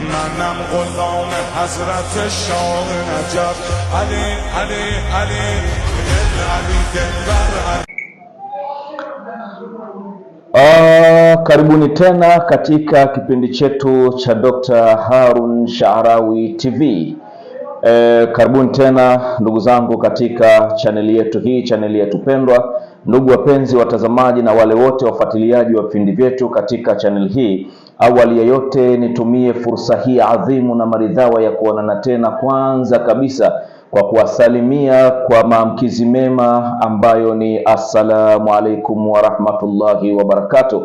منم غلام حضرت شاه نجف علی علی علی دل علی علی Uh, karibuni tena katika kipindi chetu cha Dr. Harun Sha'rawi TV. Eh, karibuni tena ndugu zangu katika chaneli yetu hii, chaneli yetu pendwa. Ndugu wapenzi watazamaji na wale wote wafuatiliaji wa vipindi vyetu katika chaneli hii Awali ya yote nitumie fursa hii adhimu na maridhawa ya kuonana tena, kwanza kabisa kwa kuwasalimia kwa maamkizi mema ambayo ni assalamu alaikum warahmatullahi barakatuh.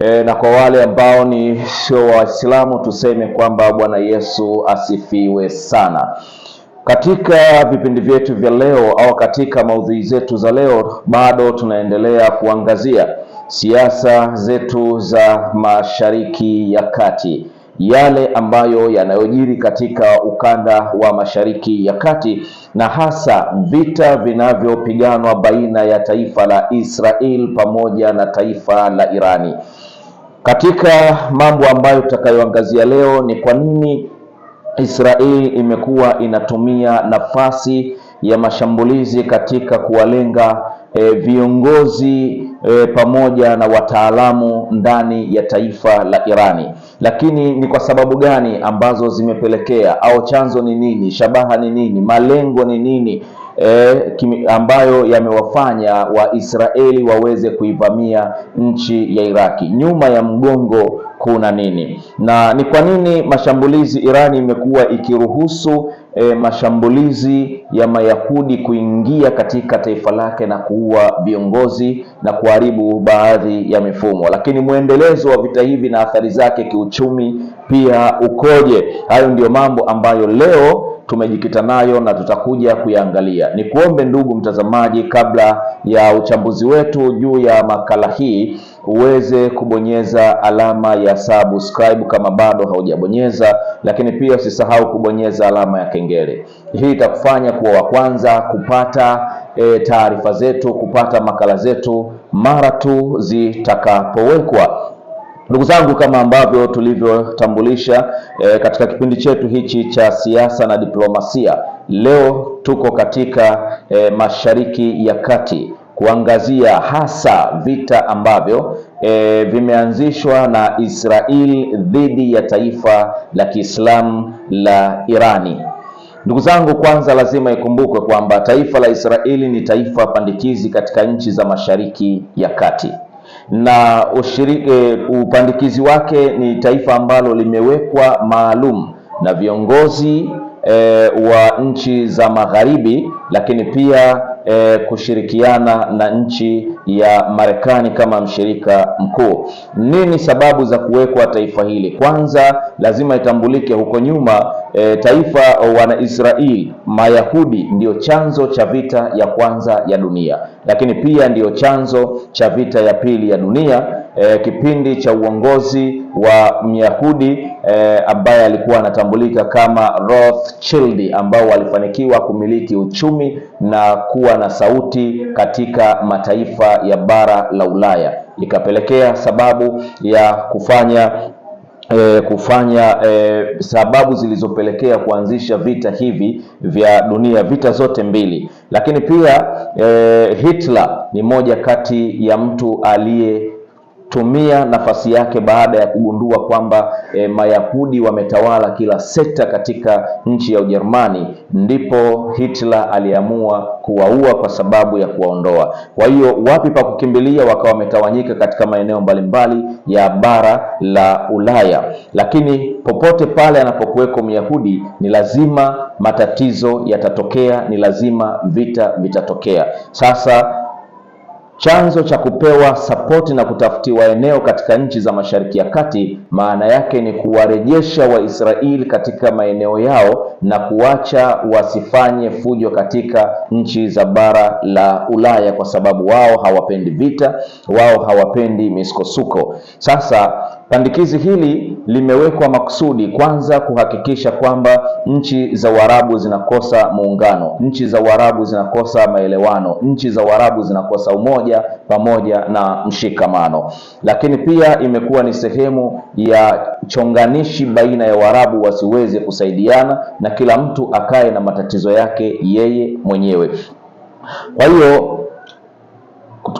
E, na kwa wale ambao ni sio Waislamu tuseme kwamba Bwana Yesu asifiwe sana. Katika vipindi vyetu vya leo au katika maudhui zetu za leo, bado tunaendelea kuangazia siasa zetu za Mashariki ya Kati, yale ambayo yanayojiri katika ukanda wa Mashariki ya Kati na hasa vita vinavyopiganwa baina ya taifa la Israel pamoja na taifa la Irani. Katika mambo ambayo tutakayoangazia leo ni kwa nini israel imekuwa inatumia nafasi ya mashambulizi katika kuwalenga e, viongozi e, pamoja na wataalamu ndani ya taifa la Irani. Lakini ni kwa sababu gani ambazo zimepelekea au chanzo ni nini? Shabaha ni nini? Malengo ni nini? E, kimi, ambayo yamewafanya Waisraeli waweze kuivamia nchi ya Iraki. Nyuma ya mgongo kuna nini? Na ni kwa nini mashambulizi Irani imekuwa ikiruhusu e, mashambulizi ya Mayahudi kuingia katika taifa lake na kuua viongozi na kuharibu baadhi ya mifumo. Lakini mwendelezo wa vita hivi na athari zake kiuchumi pia ukoje? Hayo ndiyo mambo ambayo leo tumejikita nayo na tutakuja kuyaangalia. Ni kuombe ndugu mtazamaji, kabla ya uchambuzi wetu juu ya makala hii uweze kubonyeza alama ya subscribe kama bado haujabonyeza, lakini pia usisahau kubonyeza alama ya kengele. Hii itakufanya kuwa wa kwanza kupata e, taarifa zetu, kupata makala zetu mara tu zitakapowekwa. Ndugu zangu, kama ambavyo tulivyotambulisha e, katika kipindi chetu hichi cha siasa na diplomasia, leo tuko katika e, Mashariki ya Kati kuangazia hasa vita ambavyo e, vimeanzishwa na Israel dhidi ya taifa la Kiislamu la Irani. Ndugu zangu, kwanza lazima ikumbukwe kwamba taifa la Israeli ni taifa pandikizi katika nchi za Mashariki ya Kati na ushiriki, e, upandikizi wake ni taifa ambalo limewekwa maalum na viongozi e, wa nchi za magharibi, lakini pia e, kushirikiana na nchi ya Marekani kama mshirika mkuu. Nini sababu za kuwekwa taifa hili? Kwanza lazima itambulike huko nyuma e, taifa wana Israeli Mayahudi ndiyo chanzo cha vita ya kwanza ya dunia, lakini pia ndiyo chanzo cha vita ya pili ya dunia e, kipindi cha uongozi wa Myahudi e, ambaye alikuwa anatambulika kama Rothschild, ambao walifanikiwa kumiliki uchumi na kuwa na sauti katika mataifa ya bara la Ulaya, ikapelekea sababu ya kufanya E, kufanya e, sababu zilizopelekea kuanzisha vita hivi vya dunia, vita zote mbili. Lakini pia e, Hitler ni moja kati ya mtu aliye tumia nafasi yake baada ya kugundua kwamba e, Mayahudi wametawala kila sekta katika nchi ya Ujerumani, ndipo Hitler aliamua kuwaua kwa sababu ya kuwaondoa. Kwa hiyo wapi pa kukimbilia, wakawa wametawanyika katika maeneo mbalimbali ya bara la Ulaya, lakini popote pale anapokuweko Myahudi ni lazima matatizo yatatokea, ni lazima vita vitatokea. Sasa Chanzo cha kupewa sapoti na kutafutiwa eneo katika nchi za Mashariki ya Kati, maana yake ni kuwarejesha Waisraeli katika maeneo yao na kuacha wasifanye fujo katika nchi za bara la Ulaya, kwa sababu wao hawapendi vita, wao hawapendi misukosuko. Sasa Pandikizi hili limewekwa makusudi kwanza kuhakikisha kwamba nchi za Uarabu zinakosa muungano, nchi za Uarabu zinakosa maelewano, nchi za Uarabu zinakosa umoja pamoja na mshikamano. Lakini pia imekuwa ni sehemu ya chonganishi baina ya Waarabu wasiweze kusaidiana na kila mtu akae na matatizo yake yeye mwenyewe. Kwa hiyo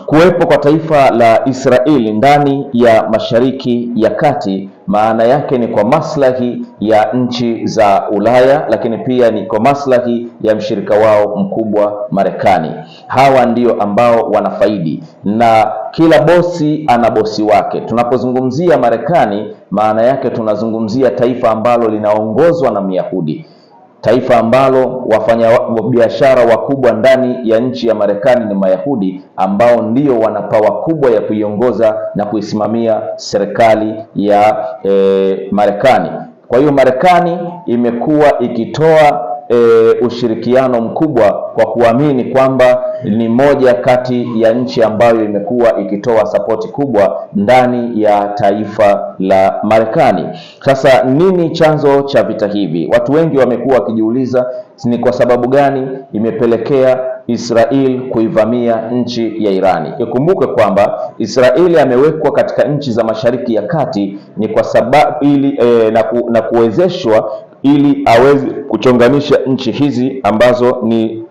Kuwepo kwa taifa la Israeli ndani ya Mashariki ya Kati maana yake ni kwa maslahi ya nchi za Ulaya, lakini pia ni kwa maslahi ya mshirika wao mkubwa Marekani. Hawa ndio ambao wanafaidi, na kila bosi ana bosi wake. Tunapozungumzia Marekani, maana yake tunazungumzia taifa ambalo linaongozwa na Myahudi, Taifa ambalo wafanyabiashara wakubwa ndani ya nchi ya Marekani ni Mayahudi ambao ndio wana pawa kubwa ya kuiongoza na kuisimamia serikali ya e, Marekani. Kwa hiyo Marekani imekuwa ikitoa e, ushirikiano mkubwa kwa kuamini kwamba ni moja kati ya nchi ambayo imekuwa ikitoa sapoti kubwa ndani ya taifa la Marekani. Sasa nini chanzo cha vita hivi? Watu wengi wamekuwa wakijiuliza ni kwa sababu gani imepelekea Israel kuivamia nchi ya Irani. ikumbuke kwamba Israeli amewekwa katika nchi za Mashariki ya Kati ni kwa sababu ili, e, na, ku, na kuwezeshwa ili aweze kuchonganisha nchi hizi ambazo ni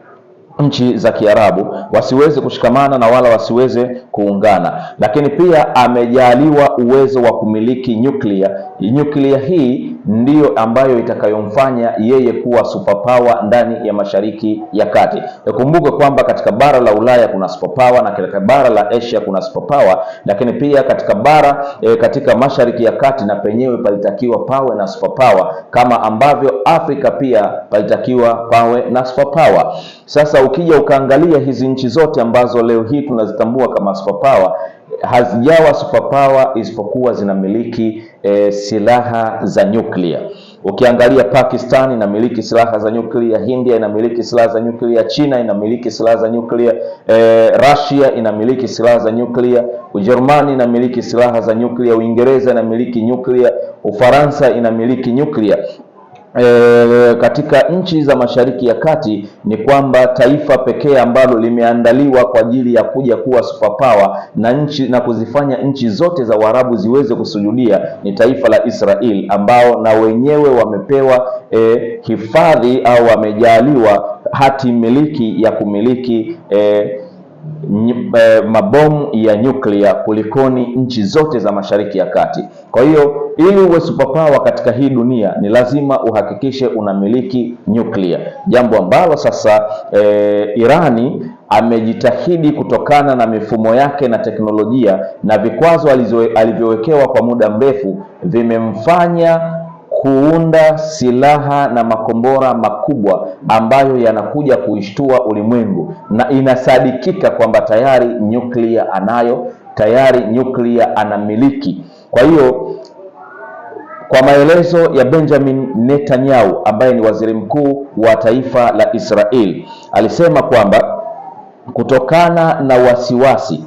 nchi za Kiarabu wasiweze kushikamana na wala wasiweze kuungana, lakini pia amejaliwa uwezo wa kumiliki nyuklia. Nyuklia hii ndiyo ambayo itakayomfanya yeye kuwa super superpower ndani ya Mashariki ya Kati. kumbuka kwamba katika bara la Ulaya kuna superpower na katika bara la Asia kuna superpower, lakini pia katika bara e, katika Mashariki ya Kati na penyewe palitakiwa pawe na superpower kama ambavyo Afrika pia palitakiwa pawe na superpower. Sasa ukija ukaangalia hizi nchi zote ambazo leo hii tunazitambua kama superpower hazijawa superpower isipokuwa zinamiliki e, silaha za nyuklia. Ukiangalia Pakistan inamiliki silaha za nyuklia, India inamiliki silaha za nyuklia, China inamiliki silaha za nyuklia, e, Russia inamiliki silaha za nyuklia, Ujerumani inamiliki silaha za nyuklia, Uingereza inamiliki nyuklia, Ufaransa inamiliki nyuklia. E, katika nchi za Mashariki ya Kati ni kwamba taifa pekee ambalo limeandaliwa kwa ajili ya kuja kuwa superpower na nchi na kuzifanya nchi zote za Waarabu ziweze kusujudia ni taifa la Israel ambao na wenyewe wamepewa e, hifadhi au wamejaliwa hati miliki ya kumiliki e, Eh, mabomu ya nyuklia kulikoni nchi zote za Mashariki ya Kati. Kwa hiyo ili uwe superpower katika hii dunia ni lazima uhakikishe unamiliki nyuklia, jambo ambalo sasa e, Irani amejitahidi kutokana na mifumo yake na teknolojia na vikwazo alivyowekewa kwa muda mrefu vimemfanya kuunda silaha na makombora makubwa ambayo yanakuja kuishtua ulimwengu, na inasadikika kwamba tayari nyuklia anayo, tayari nyuklia anamiliki. Kwa hiyo kwa maelezo ya Benjamin Netanyahu ambaye ni waziri mkuu wa taifa la Israeli, alisema kwamba kutokana na wasiwasi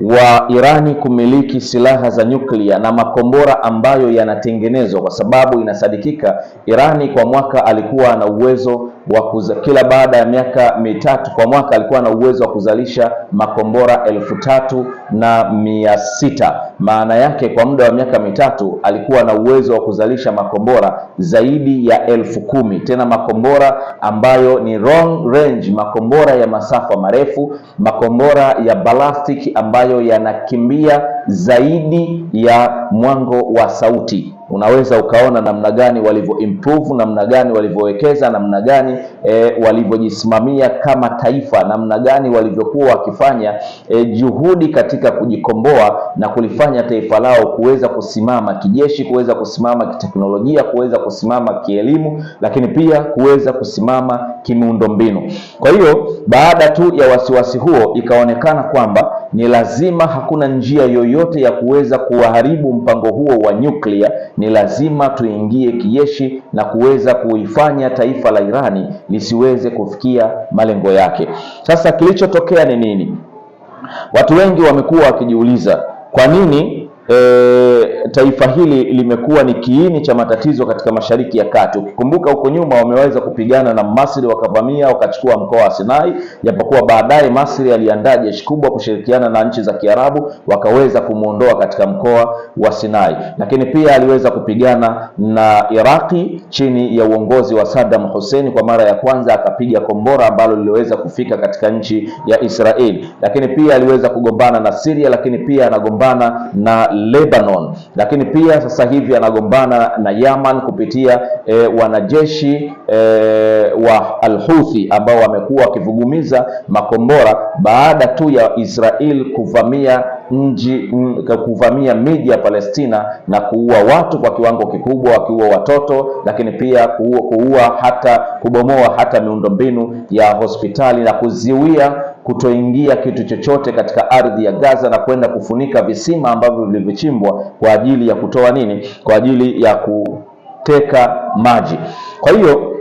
wa Irani kumiliki silaha za nyuklia na makombora ambayo yanatengenezwa, kwa sababu inasadikika Irani kwa mwaka alikuwa na uwezo wa kuza, kila baada ya miaka mitatu kwa mwaka alikuwa na uwezo wa kuzalisha makombora elfu tatu na mia sita. Maana yake kwa muda wa miaka mitatu alikuwa na uwezo wa kuzalisha makombora zaidi ya elfu kumi tena makombora ambayo ni long range, makombora ya masafa marefu, makombora ya balastiki ambayo yanakimbia zaidi ya mwango wa sauti unaweza ukaona namna gani walivyo improve, namna gani walivyowekeza, namna gani e, walivyojisimamia kama taifa, namna gani walivyokuwa wakifanya e, juhudi katika kujikomboa na kulifanya taifa lao kuweza kusimama kijeshi, kuweza kusimama kiteknolojia, kuweza kusimama kielimu, lakini pia kuweza kusimama kimiundombinu. Kwa hiyo baada tu ya wasiwasi huo ikaonekana kwamba ni lazima, hakuna njia yoyote ya kuweza kuharibu mpango huo wa nyuklia. Ni lazima tuingie kijeshi na kuweza kuifanya taifa la Irani lisiweze kufikia malengo yake. Sasa kilichotokea ni nini? Watu wengi wamekuwa wakijiuliza kwa nini e, taifa hili limekuwa ni kiini cha matatizo katika Mashariki ya Kati. Ukikumbuka huko nyuma wameweza kupigana na Masri, wakavamia wakachukua mkoa wa Sinai, japokuwa baadaye Masri aliandaa jeshi kubwa kushirikiana na nchi za Kiarabu wakaweza kumwondoa katika mkoa wa Sinai, lakini pia aliweza kupigana na Iraki chini ya uongozi wa Saddam Hussein. Kwa mara ya kwanza akapiga kombora ambalo liliweza kufika katika nchi ya Israeli, lakini pia aliweza kugombana na Syria, lakini pia anagombana na Lebanon lakini pia sasa hivi anagombana na Yaman kupitia e, wanajeshi e, wa Al-Houthi ambao wamekuwa wakivugumiza makombora baada tu ya Israel kuvamia nji kuvamia miji ya Palestina na kuua watu kwa kiwango kikubwa, wakiua watoto, lakini pia kuua, kuua hata kubomoa hata miundombinu ya hospitali na kuziwia kutoingia kitu chochote katika ardhi ya Gaza na kwenda kufunika visima ambavyo vilivyochimbwa kwa ajili ya kutoa nini, kwa ajili ya kuteka maji. Kwa hiyo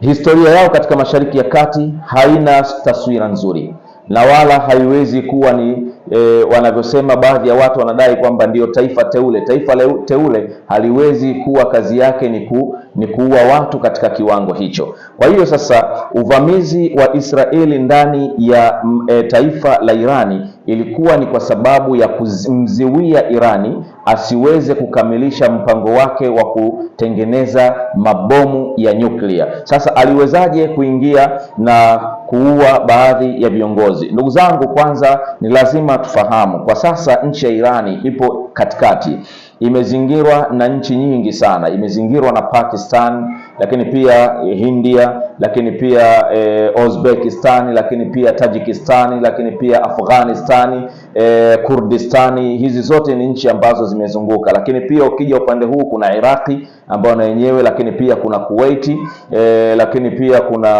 historia yao katika Mashariki ya Kati haina taswira nzuri na wala haiwezi kuwa ni e, wanavyosema baadhi ya watu wanadai kwamba ndio taifa teule. Taifa teule haliwezi kuwa kazi yake ni, ku, ni kuua watu katika kiwango hicho. Kwa hiyo sasa uvamizi wa Israeli ndani ya e, taifa la Irani ilikuwa ni kwa sababu ya kumziwia Irani asiweze kukamilisha mpango wake wa kutengeneza mabomu ya nyuklia. Sasa aliwezaje kuingia na kuua baadhi ya viongozi? Ndugu zangu, kwanza ni lazima lazima tufahamu kwa sasa nchi ya Irani ipo katikati, imezingirwa na nchi nyingi sana, imezingirwa na Pakistan, lakini pia eh, India, lakini pia eh, Uzbekistan, lakini pia Tajikistani, lakini pia Afghanistani, eh, Kurdistani. Hizi zote ni nchi ambazo zimezunguka, lakini pia ukija upande huu kuna Iraqi ambayo na yenyewe, lakini pia kuna Kuwaiti, eh, lakini pia kuna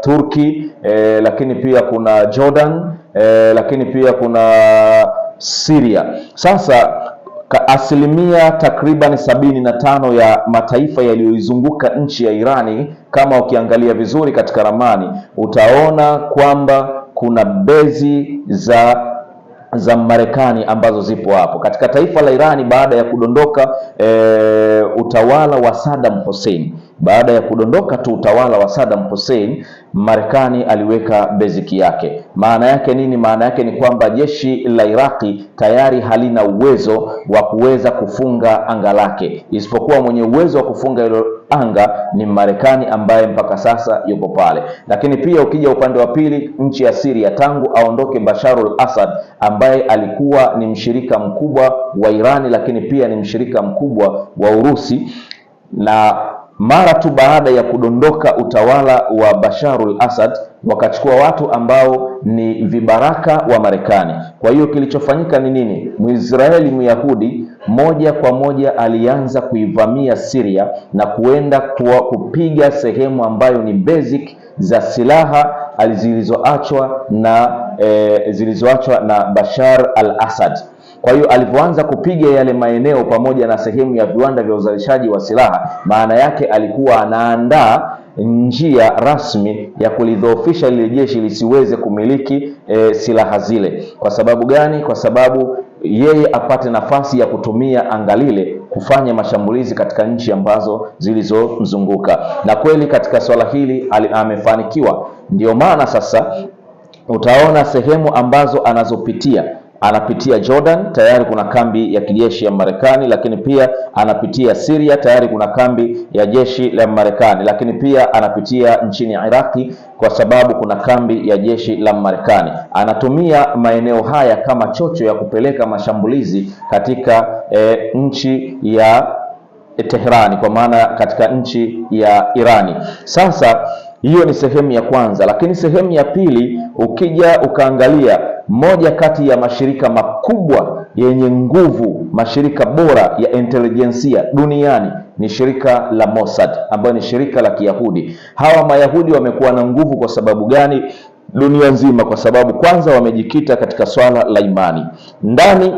Turki, eh, lakini pia kuna Jordan e, lakini pia kuna Syria. Sasa asilimia takriban sabini na tano ya mataifa yaliyoizunguka nchi ya Irani, kama ukiangalia vizuri katika ramani utaona kwamba kuna bezi za za Marekani ambazo zipo hapo katika taifa la Irani baada ya kudondoka e, utawala wa Saddam Hussein. Baada ya kudondoka tu utawala wa Saddam Hussein, Marekani aliweka beziki yake. Maana yake nini? Maana yake ni kwamba jeshi la Iraki tayari halina uwezo wa kuweza kufunga anga lake, isipokuwa mwenye uwezo wa kufunga hilo anga ni Marekani ambaye mpaka sasa yupo pale. Lakini pia ukija upande wa pili, nchi ya Syria, tangu aondoke Bashar al-Assad ambaye alikuwa ni mshirika mkubwa wa Irani, lakini pia ni mshirika mkubwa wa Urusi na mara tu baada ya kudondoka utawala wa Basharul Asad wakachukua watu ambao ni vibaraka wa Marekani. Kwa hiyo kilichofanyika ni nini? Mwisraeli Myahudi moja kwa moja alianza kuivamia Syria na kuenda kuwa kupiga sehemu ambayo ni basic za silaha zilizoachwa na, e, zilizoachwa na Bashar al-Assad. Kwa hiyo alivyoanza kupiga yale maeneo pamoja na sehemu ya viwanda vya uzalishaji wa silaha, maana yake alikuwa anaandaa njia rasmi ya kulidhoofisha lile jeshi lisiweze kumiliki e, silaha zile. Kwa sababu gani? Kwa sababu yeye apate nafasi ya kutumia anga lile kufanya mashambulizi katika nchi ambazo zilizomzunguka. Na kweli katika swala hili amefanikiwa. Ndio maana sasa utaona sehemu ambazo anazopitia anapitia Jordan, tayari kuna kambi ya kijeshi ya Marekani, lakini pia anapitia Syria, tayari kuna kambi ya jeshi la Marekani, lakini pia anapitia nchini Iraki kwa sababu kuna kambi ya jeshi la Marekani. Anatumia maeneo haya kama chocho ya kupeleka mashambulizi katika e, nchi ya Teherani, kwa maana katika nchi ya Irani. Sasa hiyo ni sehemu ya kwanza, lakini sehemu ya pili, ukija ukaangalia moja kati ya mashirika makubwa yenye nguvu, mashirika bora ya intelijensia duniani ni shirika la Mossad ambayo ni shirika la Kiyahudi. Hawa Mayahudi wamekuwa na nguvu kwa sababu gani dunia nzima? Kwa sababu kwanza wamejikita katika swala la imani ndani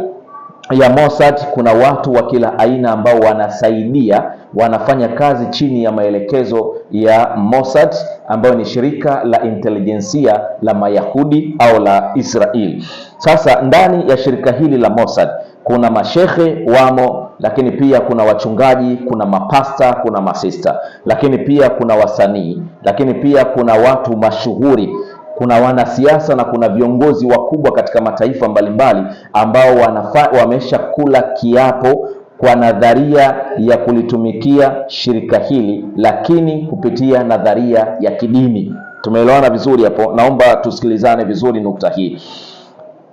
ya Mossad kuna watu wa kila aina ambao wanasaidia, wanafanya kazi chini ya maelekezo ya Mossad ambayo ni shirika la intelijensia la Mayahudi au la Israeli. Sasa ndani ya shirika hili la Mossad kuna mashehe wamo, lakini pia kuna wachungaji, kuna mapasta, kuna masista, lakini pia kuna wasanii, lakini pia kuna watu mashuhuri kuna wanasiasa na kuna viongozi wakubwa katika mataifa mbalimbali ambao wameshakula kiapo kwa nadharia ya kulitumikia shirika hili, lakini kupitia nadharia ya kidini. Tumeelewana vizuri hapo? Naomba tusikilizane vizuri nukta hii.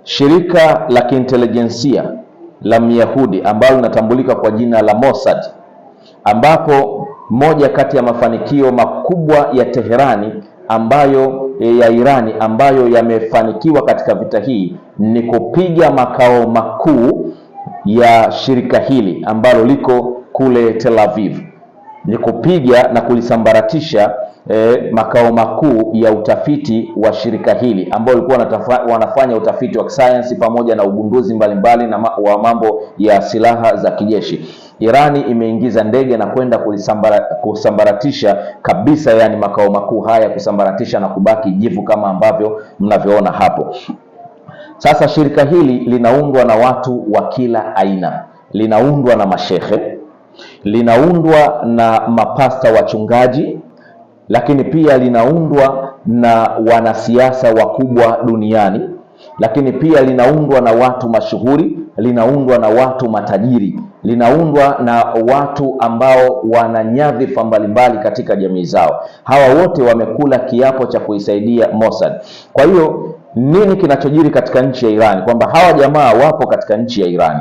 Shirika la kiintelijensia la Myahudi ambalo linatambulika kwa jina la Mossad, ambapo moja kati ya mafanikio makubwa ya Teherani ambayo Eh, ya Irani ambayo yamefanikiwa katika vita hii ni kupiga makao makuu ya shirika hili ambalo liko kule Tel Aviv, ni kupiga na kulisambaratisha eh, makao makuu ya utafiti wa shirika hili ambao walikuwa wanafanya utafiti wa kisayansi pamoja na ugunduzi mbalimbali na ma wa mambo ya silaha za kijeshi. Irani imeingiza ndege na kwenda kusambaratisha kabisa, yani makao makuu haya kusambaratisha na kubaki jivu kama ambavyo mnavyoona hapo. Sasa shirika hili linaundwa na watu wa kila aina, linaundwa na mashehe, linaundwa na mapasta wachungaji lakini pia linaundwa na wanasiasa wakubwa duniani, lakini pia linaundwa na watu mashuhuri, linaundwa na watu matajiri, linaundwa na watu ambao wana nyadhifa mbalimbali katika jamii zao. Hawa wote wamekula kiapo cha kuisaidia Mossad. Kwa hiyo nini kinachojiri katika nchi ya Irani? Kwamba hawa jamaa wapo katika nchi ya Irani.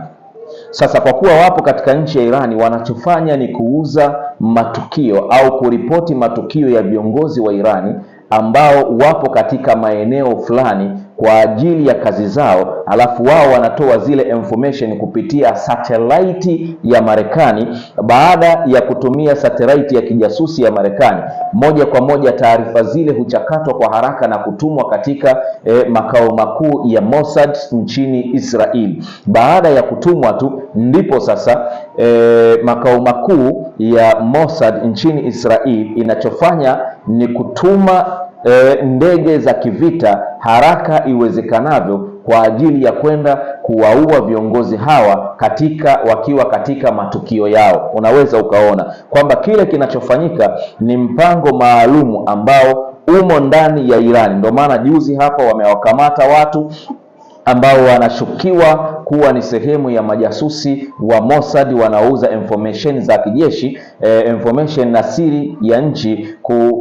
Sasa kwa kuwa wapo katika nchi ya Irani, wanachofanya ni kuuza matukio au kuripoti matukio ya viongozi wa Irani ambao wapo katika maeneo fulani kwa ajili ya kazi zao, alafu wao wanatoa zile information kupitia satellite ya Marekani. Baada ya kutumia satellite ya kijasusi ya Marekani, moja kwa moja taarifa zile huchakatwa kwa haraka na kutumwa katika eh, makao makuu ya Mossad nchini Israeli. Baada ya kutumwa tu ndipo sasa eh, makao makuu ya Mossad nchini Israeli inachofanya ni kutuma e, ndege za kivita haraka iwezekanavyo kwa ajili ya kwenda kuwaua viongozi hawa katika wakiwa katika matukio yao. Unaweza ukaona kwamba kile kinachofanyika ni mpango maalumu ambao umo ndani ya Irani. Ndio maana juzi hapa wamewakamata watu ambao wanashukiwa kuwa ni sehemu ya majasusi wa Mossad wanaouza information za kijeshi eh, information na siri ya nchi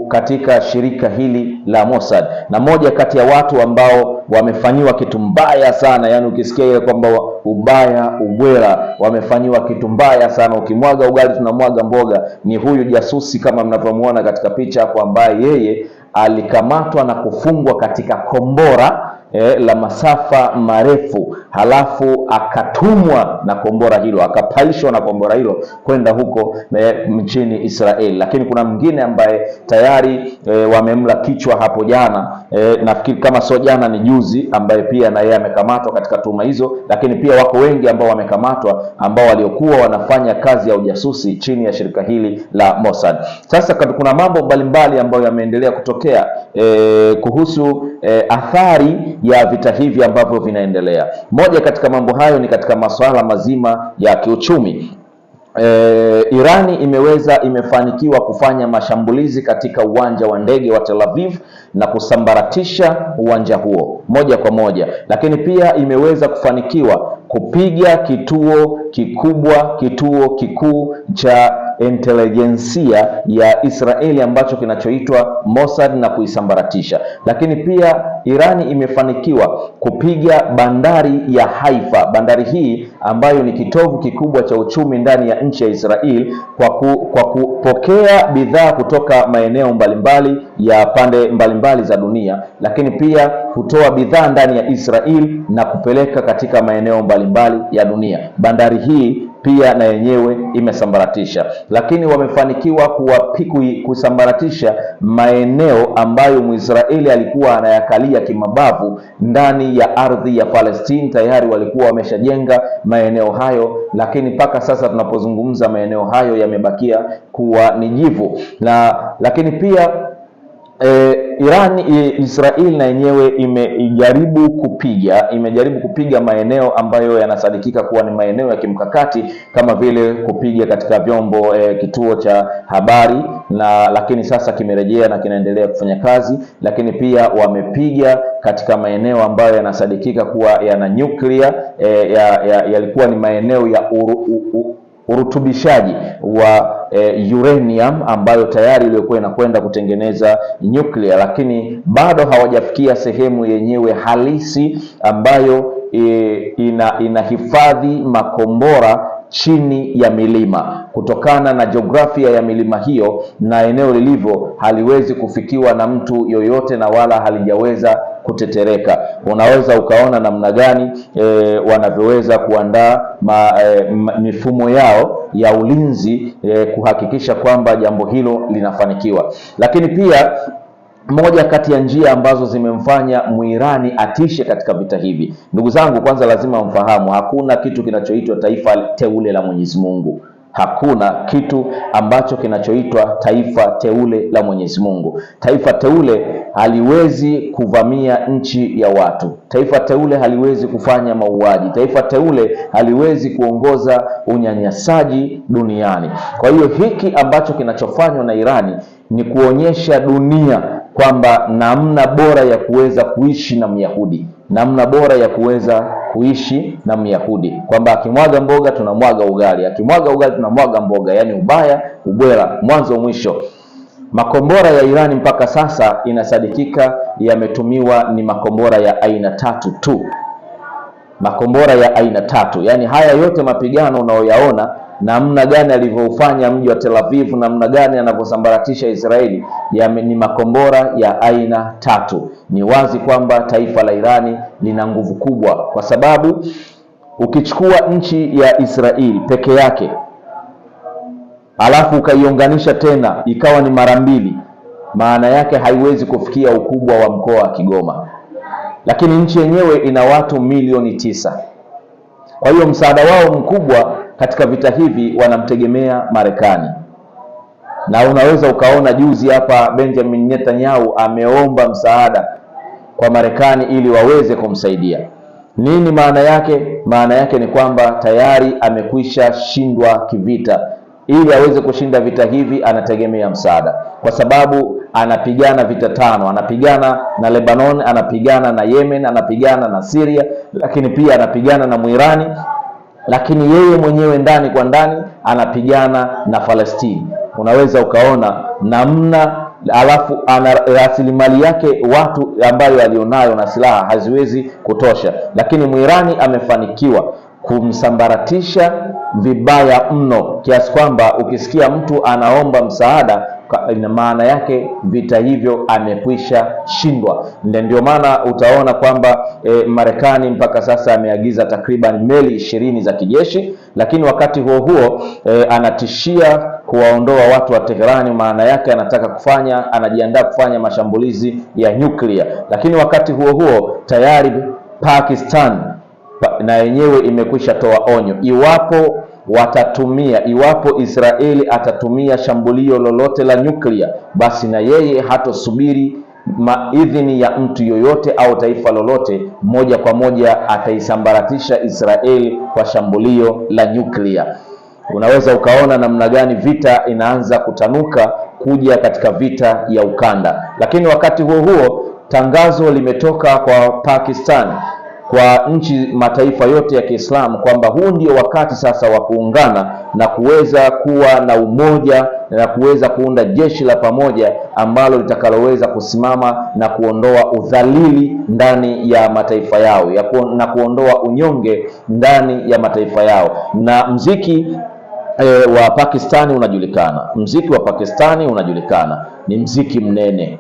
katika shirika hili la Mossad, na moja kati ya watu ambao wamefanyiwa kitu mbaya sana, yani ukisikia ile kwamba ubaya ubwera, wamefanyiwa kitu mbaya sana. Ukimwaga ugali tunamwaga mboga, ni huyu jasusi kama mnavyomuona katika picha hapo, ambaye yeye alikamatwa na kufungwa katika kombora eh, la masafa marefu, halafu akatumwa na kombora hilo, akapaishwa na kombora hilo kwenda huko eh, nchini Israeli. Lakini kuna mwingine ambaye tayari eh, wamemla kichwa hapo jana eh, nafikiri kama sio jana ni juzi, ambaye pia na yeye amekamatwa katika tuma hizo, lakini pia wako wengi ambao wamekamatwa ambao waliokuwa wanafanya kazi ya ujasusi chini ya shirika hili la Mossad. Sasa kuna mambo mbalimbali ambayo yameendelea kutokea e, kuhusu e, athari ya vita hivi ambavyo vinaendelea. Moja katika mambo hayo ni katika masuala mazima ya kiuchumi. E, Irani imeweza imefanikiwa kufanya mashambulizi katika uwanja wa ndege wa Tel Aviv na kusambaratisha uwanja huo moja kwa moja, lakini pia imeweza kufanikiwa kupiga kituo kikubwa, kituo kikuu cha intelijensia ya Israeli ambacho kinachoitwa Mossad na kuisambaratisha. Lakini pia Irani imefanikiwa kupiga bandari ya Haifa, bandari hii ambayo ni kitovu kikubwa cha uchumi ndani ya nchi ya Israel kwa, ku, kwa kupokea bidhaa kutoka maeneo mbalimbali ya pande mbalimbali mbalimbali za dunia, lakini pia hutoa bidhaa ndani ya Israel na kupeleka katika maeneo mbalimbali ya dunia. Bandari hii pia na yenyewe imesambaratisha, lakini wamefanikiwa kusambaratisha maeneo ambayo Mwisraeli alikuwa anayakalia kimabavu ndani ya ardhi ya Palestine. Tayari walikuwa wameshajenga maeneo hayo, lakini mpaka sasa tunapozungumza maeneo hayo yamebakia kuwa ni jivu na lakini pia E, Iran e, Israel na yenyewe imejaribu kupiga imejaribu kupiga maeneo ambayo yanasadikika kuwa ni maeneo ya kimkakati kama vile kupiga katika vyombo e, kituo cha habari na lakini sasa kimerejea na kinaendelea kufanya kazi, lakini pia wamepiga katika maeneo ambayo yanasadikika kuwa yana nyuklia e, eh, yalikuwa ya, ya ni maeneo ya uru, u, u, urutubishaji wa e, uranium ambayo tayari iliyokuwa inakwenda kutengeneza nyuklia, lakini bado hawajafikia sehemu yenyewe halisi ambayo e, ina inahifadhi makombora chini ya milima. Kutokana na jiografia ya milima hiyo na eneo lilivyo, haliwezi kufikiwa na mtu yoyote na wala halijaweza kutetereka. Unaweza ukaona namna gani e, wanavyoweza kuandaa e, mifumo yao ya ulinzi e, kuhakikisha kwamba jambo hilo linafanikiwa, lakini pia moja kati ya njia ambazo zimemfanya Mwirani atishe katika vita hivi. Ndugu zangu, kwanza lazima mfahamu hakuna kitu kinachoitwa taifa teule la Mwenyezi Mungu. Hakuna kitu ambacho kinachoitwa taifa teule la Mwenyezi Mungu. Taifa teule haliwezi kuvamia nchi ya watu. Taifa teule haliwezi kufanya mauaji. Taifa teule haliwezi kuongoza unyanyasaji duniani. Kwa hiyo hiki ambacho kinachofanywa na Irani ni kuonyesha dunia kwamba namna bora ya kuweza kuishi na Myahudi, namna bora ya kuweza kuishi na Myahudi, kwamba akimwaga mboga tunamwaga ugali, akimwaga ugali tunamwaga mboga, yaani ubaya ubwela, mwanzo mwisho. Makombora ya Irani mpaka sasa inasadikika yametumiwa ni makombora ya aina tatu tu, makombora ya aina tatu. Yaani haya yote mapigano unayoyaona namna gani alivyoufanya mji wa Tel Aviv, namna gani anavyosambaratisha Israeli ya ni makombora ya aina tatu. Ni wazi kwamba taifa la Irani lina nguvu kubwa, kwa sababu ukichukua nchi ya Israeli peke yake alafu ukaiunganisha tena ikawa ni mara mbili, maana yake haiwezi kufikia ukubwa wa mkoa wa Kigoma, lakini nchi yenyewe ina watu milioni tisa. Kwa hiyo msaada wao mkubwa katika vita hivi wanamtegemea Marekani, na unaweza ukaona juzi hapa Benjamin Netanyahu ameomba msaada kwa Marekani ili waweze kumsaidia. Nini maana yake? Maana yake ni kwamba tayari amekwisha shindwa kivita. Ili aweze kushinda vita hivi anategemea msaada, kwa sababu anapigana vita tano. Anapigana na Lebanon, anapigana na Yemen, anapigana na Syria, lakini pia anapigana na Mwirani, lakini yeye mwenyewe ndani kwa ndani anapigana na Falastini. Unaweza ukaona namna alafu ana rasilimali yake watu ambayo alionayo na silaha haziwezi kutosha, lakini Mwirani amefanikiwa kumsambaratisha vibaya mno kiasi kwamba ukisikia mtu anaomba msaada ina maana yake vita hivyo amekwisha shindwa, ndio maana utaona kwamba e, Marekani mpaka sasa ameagiza takriban meli ishirini za kijeshi, lakini wakati huo huo e, anatishia kuwaondoa watu wa Teherani. Maana yake anataka kufanya, anajiandaa kufanya mashambulizi ya nyuklia, lakini wakati huo huo tayari Pakistan na yenyewe imekwisha toa onyo iwapo watatumia iwapo Israeli atatumia shambulio lolote la nyuklia, basi na yeye hatosubiri maidhini ya mtu yoyote au taifa lolote, moja kwa moja ataisambaratisha Israeli kwa shambulio la nyuklia. Unaweza ukaona namna gani vita inaanza kutanuka kuja katika vita ya ukanda. Lakini wakati huo huo tangazo limetoka kwa Pakistan kwa nchi mataifa yote ya Kiislamu kwamba huu ndio wakati sasa wa kuungana na kuweza kuwa na umoja na kuweza kuunda jeshi la pamoja ambalo litakaloweza kusimama na kuondoa udhalili ndani ya mataifa yao ya ku, na kuondoa unyonge ndani ya mataifa yao na mziki e, wa Pakistani unajulikana. Mziki wa Pakistani unajulikana, ni mziki mnene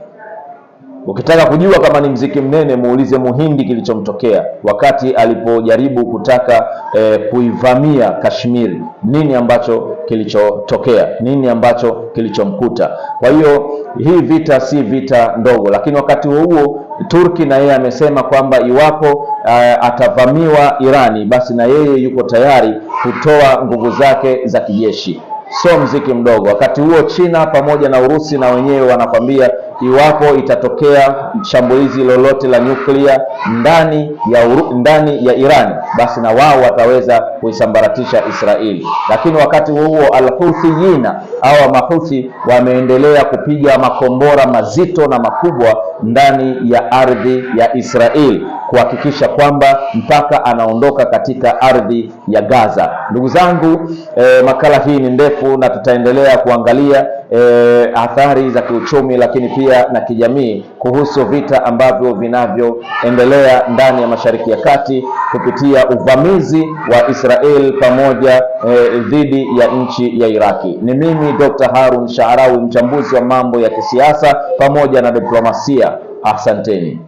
Ukitaka kujua kama ni mziki mnene, muulize Muhindi kilichomtokea wakati alipojaribu kutaka e, kuivamia Kashmiri. Nini ambacho kilichotokea? Nini ambacho kilichomkuta? Kwa hiyo hii vita si vita ndogo, lakini wakati huo huo Turki na yeye amesema kwamba iwapo a, eh, atavamiwa Irani, basi na yeye yuko tayari kutoa nguvu zake za kijeshi. Sio mziki mdogo. Wakati huo China pamoja na Urusi na wenyewe wanakwambia iwapo itatokea shambulizi lolote la nyuklia ndani ya, ndani ya Iran, basi na wao wataweza kuisambaratisha Israeli. Lakini wakati huo alhuthiyina au mahuthi wameendelea kupiga makombora mazito na makubwa ndani ya ardhi ya Israeli kuhakikisha kwamba mpaka anaondoka katika ardhi ya Gaza. Ndugu zangu, eh, makala hii ni ndefu na tutaendelea kuangalia e, athari za kiuchumi lakini pia na kijamii kuhusu vita ambavyo vinavyoendelea ndani ya Mashariki ya Kati kupitia uvamizi wa Israel pamoja e, dhidi ya nchi ya Iraki. Ni mimi Dr. Harun Sharawi mchambuzi wa mambo ya kisiasa pamoja na diplomasia. Asanteni.